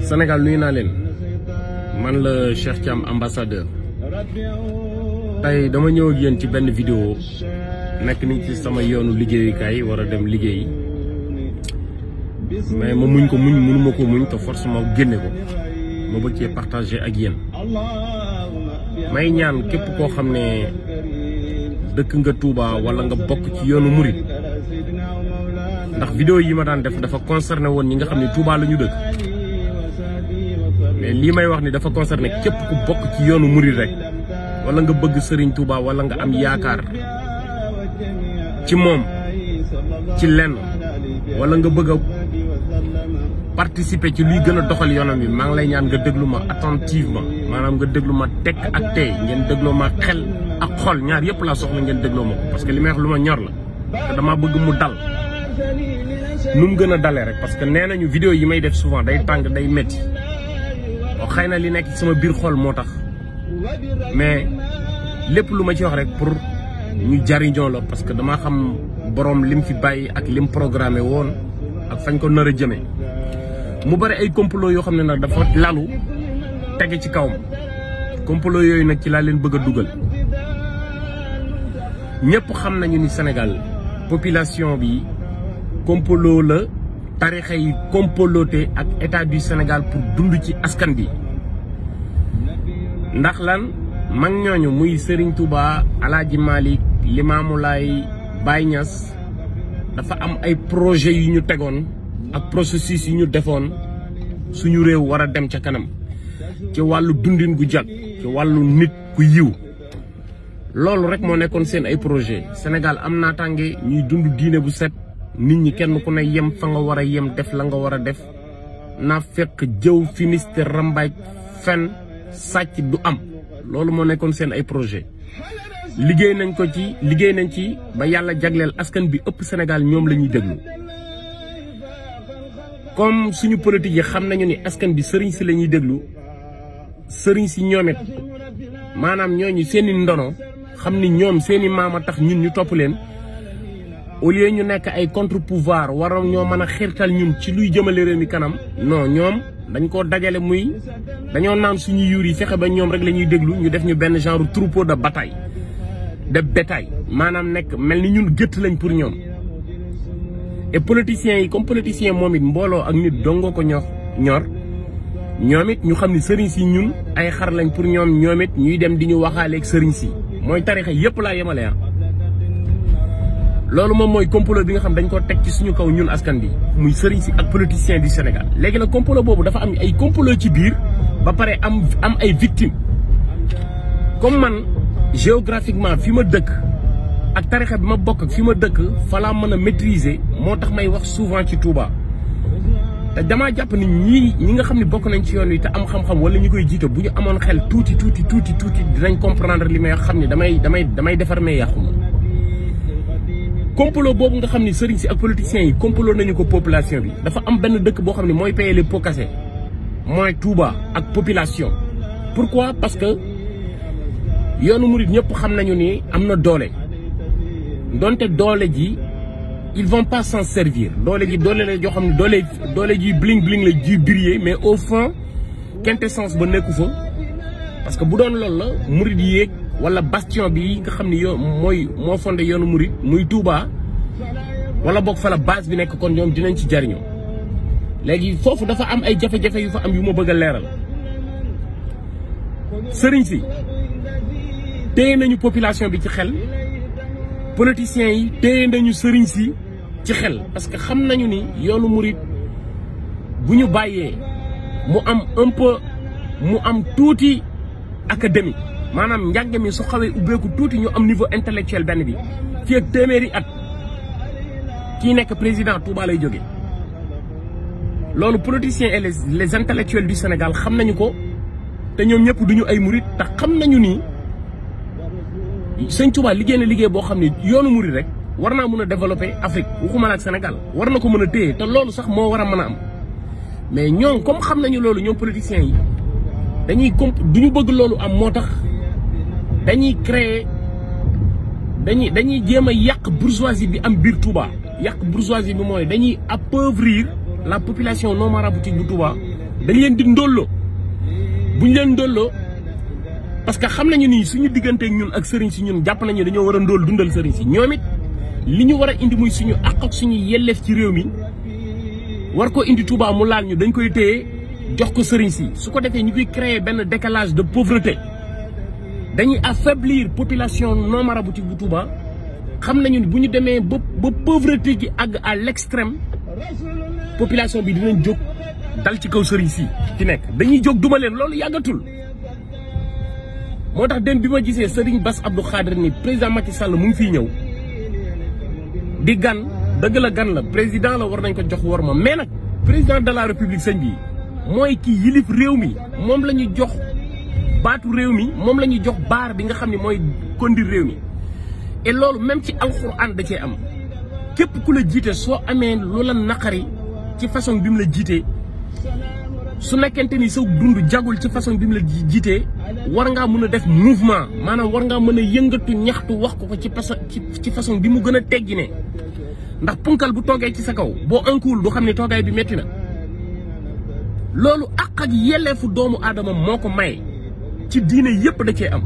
Sénégal nuyu naa leen man la Cheikh Thiam ambassadeur tey dama ñëw ak yéen ci benn vidéo nekk ni ci sama yoonu liggéeyukaay war a dem liggéey mais ma muñ ko muñ mënuma ko muñ te force ma génne ko ma bëgg cee partagé ak yéen may ñaan képp koo xam ne dëkk nga Touba wala nga bokk ci yoonu Mouride. ndax vidéo yi ma daan def dafa concerné won ñi nga xamni Touba lañu dëkk mais li may wax ni dafa concerné képp ku bok ci yoonu mourid rek wala nga bëgg Serigne Touba wala nga am yaakar ci mom ci lenn wala nga bëgg participer ci luy gëna doxal yoonam bi ma ngi lay ñaan nga déglu ma attentivement manam nga déglu ma tekk ak tey ngeen dégloo ma xel ak xol ñaar yépp la soxla ngeen dégloo ma parce que limay wax luma ñor la dama bëgg mu dal nu mu gën a dalee rek parce que nee nañu video yi may def souvent day tàng day métti xëy na li nekk ci sama biir xool moo tax mais lépp lu ma ci wax rek pour ñu jariñoo la parce que dama xam borom lim fi bàyyi ak lim programmé woon ak fañ ko nar a jëmee mu bari ay complot yoo xam ne nag dafa lalu tege ci kawam complot yooyu nag ci laa leen bëgg a dugal ñëpp xam nañu ni Sénégal population bi complot la tarixa yi comploté ak état du Sénégal pour dund ci askan bi ndax lan mag ñooñu muy Serigne Touba aladji malik Limaamu ñass dafa am ay projet yu ñu tégon ak processus yu ñu défon suñu réew wara dem ca kanam ci walu dundin gu jag ci walu nit ku yiw loolu rek mo nekkon seen ay projet senegal am tangé ñuy dund diiné bu set nit ñi kenn ku ne yem fa nga war a yem def la nga war a def naa fekk jëw finiste rambaaj fen sàcc du am loolu moo nekkoon seen ay projet liggéey nañ ko ci liggéey nañ ci ba yàlla jagleel askan bi ëpp Sénégal ñoom la ñuy déglu comme suñu politique yi xam nañu ni askan bi sëriñ si lañuy déglu sëriñ si ñoom it maanaam ñooñu seen i ndono xam ni ñoom seen maam a tax ñun ñu topp leen au lieu ñu nek ay contre pouvoir waroon ñoo mëna xirtal ñun ci luy jëmele réew mi kanam non ñom dañ ko dajalé muy dañoo naan suñu yuri fexé ba ñom rek lañuy ñu def ñu ben genre troupeau de bataille de bétail manam nek mel ñun gëtt lañ pour ñom et politiciens yi comme politiciens momit mbolo ak nit dongo ko ñox ñor ñomit ñu xamni sëriñ si ñun ay xar lañ pour ñom ñomit ñuy dem di ñu ak sëriñ si moy tarixa yépp la yémalé ah. loolu moom mooy complot bi nga xam dañ koo teg ci suñu kaw ñun askan bi muy sëriñ si ak politicien du Sénégal léegi nag complot boobu dafa am ay complot ci biir ba pare am am ay victimes comme man géographiquement fi ma dëkk ak tarixa bi ma bokk ak fi ma dëkk falaa mën a maîtriser moo tax may wax souvent ci Touba te damaa jàpp ni ñii ñi nga xam ne bokk nañ ci yoon wi te am xam-xam wala ñi koy jiite bu ñu amoon xel tuuti tuuti tuuti tuuti dinañ comprendre li may xam ne damay damay damay defar mais yàqu ma complot bobu nga xamni serigne ci politiciens yi complot nañu ko population bi dafa am benn payer les pots cassés Touba ak population. pourquoi parce que ni ji ils vont pas s'en servir doole ji doole la bling bling la briller mais au fond quintessence ba parce que bu doon la wala bastion bi nga xam ne yoon mooy moo fondé yoonu Mouride muy Touba wala bokk fa la base bi nekk kon ñoom dinañ ci jariñoo léegi foofu dafa am ay jafe-jafe yu fa am yu ma bëgg a leeral sëriñ si téye nañu population bi ci xel politiciens yi téye nañu sëriñ si ci xel parce que xam nañu ni yoonu murit bu ñu bàyyee mu am un mu am tuuti académique manam njàng mi su xawee ubbeeku tuuti ñu am niveau intellectuel ben bi fi ak téméri at ki nek président Touba lay joggé lolu politiciens et les les intellectuels du Sénégal xam nañu ko té ñom ñëpp duñu ay mourid ta xam nañu ni Seigne Touba liggéey na liggéey bo xam ne yoonu murit rek warna mëna développer Afrique waxuma la Sénégal warna ko mëna a té lolu sax mo wara mëna am mais ñom comme xam nañu loolu ñoom politiciens yi dañuy duñu bëgg lolu am motax dañuy créer dañuy yak bourgeoisie bi am bir Touba yak bourgeoisie bi appauvrir la population non maraboutique de Touba dañ leen di ndollo buñ leen parce que xam nañu ni suñu ñun ak sëriñ si ñun japp nañu dañoo wara ndol dundal sëriñ ci ñoom li indi muy suñu ak suñu ci réew mi war ko indi Touba mu ñu dañ koy jox ko sëriñ ñu créer décalage de pauvreté dañuy affaiblir population non maraboutique bu Touba xam nañu ne bu ñu demee ba pauvreté gi ag à l'extrême population bi dinañ jóg dal ci kaw serigne si fi nek dañuy jóg duma leen loolu yàggatul moo tax dem bi ma Bass Abdou Khadre ni président Macky Sall mu ngi fiy ñëw di gan la gan la président la war nañ ko jox war ma mais nag président de la république serigne bi moy ki yilif rew mi mom la jox baatu réew mi moom la ñuy jox baar bi nga xam ne mooy conduire réew mi et loolu même ci alxuraan da cee am képp ku la jiite soo amee lu la naqari ci façon bi mu la jiitee su nekkente ni sa dund jagul ci façon bi mu la jiitee war ngaa mën a def mouvement maanaam war ngaa mën a yëngatu ñaxtu wax ko ko ci façon ci façon bi mu gën a teggi ne ndax punkal bu toogee ci sa kaw boo ankuwul du xam ne toogaay bi métti na loolu àq ak yelleefu doomu aadama moo ko may ci diine yëpp da cee am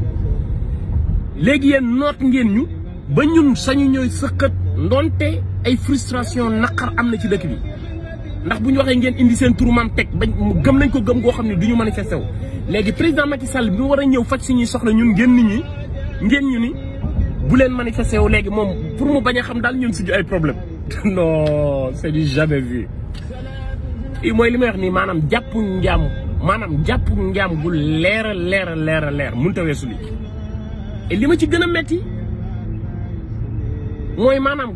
léegi yéen noot ngeen ñu ba ñun sañu ñooy sëqat ndonte ay frustration naqar am na ci dëkk bi ndax bu ñu waxee ngeen indi seen turu maam teg bañ gëm nañ ko gëm goo xam ne du ñu manifesté wu léegi président Macky Sall bi war a ñëw faj si ñuy soxla ñun ngeen nit ñi ngeen ñu ni bu leen manifesté wu léegi moom pour mu bañ a xam daal ñun suñu ay problème non c'est du jamais vu i mooy li may nii maanaam jàppu njàmm maanaam jàpp njaam gu leer a leer a leer a leer mënut li ma ci gën a metti mooy maanaam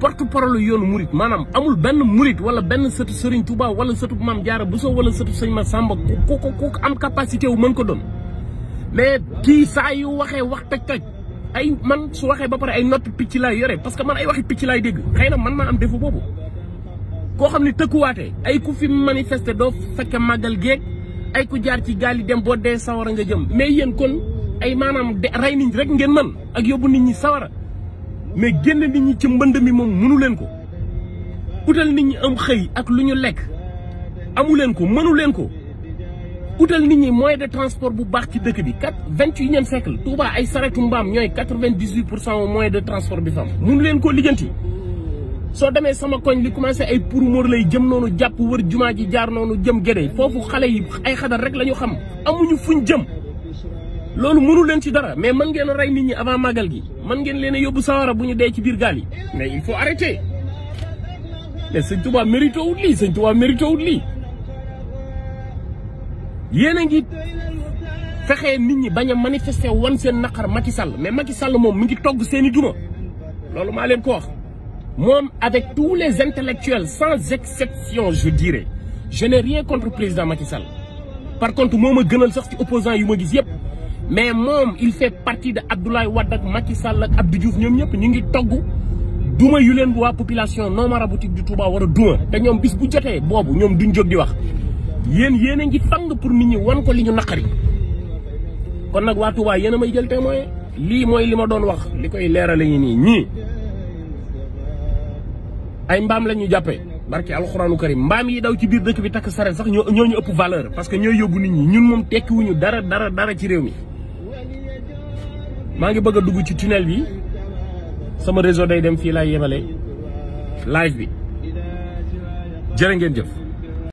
porte parole yoonu murit maanaam amul benn murit wala benn sëtu Serigne Touba wala sëtu Maam Jaara Buso wala sëtu Sëñ Masamba ku ku ku am capacité wu mën ko doon mais kii saa yu waxee wax toj toj ay man su waxee ba pare ay noppi picc laay yore parce que man ay waxi picc laay dégg xëy na man maa am défaut boobu. koo xam ne tëkkuwaatee ay ku fi manifester doo fekke màggal géeg ay ku jaar ci gaal yi dem boo dee sawara nga jëm mais yéen kon ay maanaam de rey nit rek ngeen mën ak yóbbu nit ñi sawara mais génn nit ñi ci mbënd mi moom mënu leen ko utal nit ñi am xëy ak lu ñu lekk amu leen ko mënu leen ko utal nit ñi moyen de transport bu baax ci dëkk bi quatre vingt et unième siècle Touba ay saretu mbaam ñooy quatre de transport bi fam mënu leen koo so demee sama koñ li commencé ay pour mór lay jëm nonu japp wër juma ji jaar nonu jëm gédé fofu xalé yi ay xadar rek lañu xam amuñu fuñ jëm lolou mënu leen ci dara mais man ngeen ray nit ñi avant magal gi man ngeen leen yobbu sawara buñu dé ci bir gal yi mais il faut arrêter les seigne touba mérito wut li seigne touba mérito wut li yéen ngi fexé nit ñi baña manifester wan sen nakar Macky Sall mais Macky Sall mom mi ngi togg seeni duma lolou ma leen ko wax moom avec tous les intellectuels sans exception je dirais je n'ai rien contre président Macky Sall par contre moo ma gënal sax ci opposant yu ma gis mais moom il fait partie de Abdoulaye Wade Macky Sall ak Abdou Diouf ñoom ngi togg duma yulen leen waa population non maraboutique du Touba wara a duma te bis bu jotee bobu ñom duñ jóg di wax yeen yéen ngi fang pour nit ñi wan ko li ñu kon nak wa Touba yéen may jël témoin li moy li ma doon wax li koy leerale ñi ay mbaam la ñu jàppee barki alxuraanu karim mbaam yi daw ci biir dëkk bi takk saret sax ñoo ñoo ñu ëpp valeur parce que ñooy yóbbu nit ñi ñun moom tekkiwuñu dara dara dara ci réew mi. maa ngi bëgg a dugg ci tunnel bi sama réseau day dem fii laay yemale live bi jërë ngeen jëf.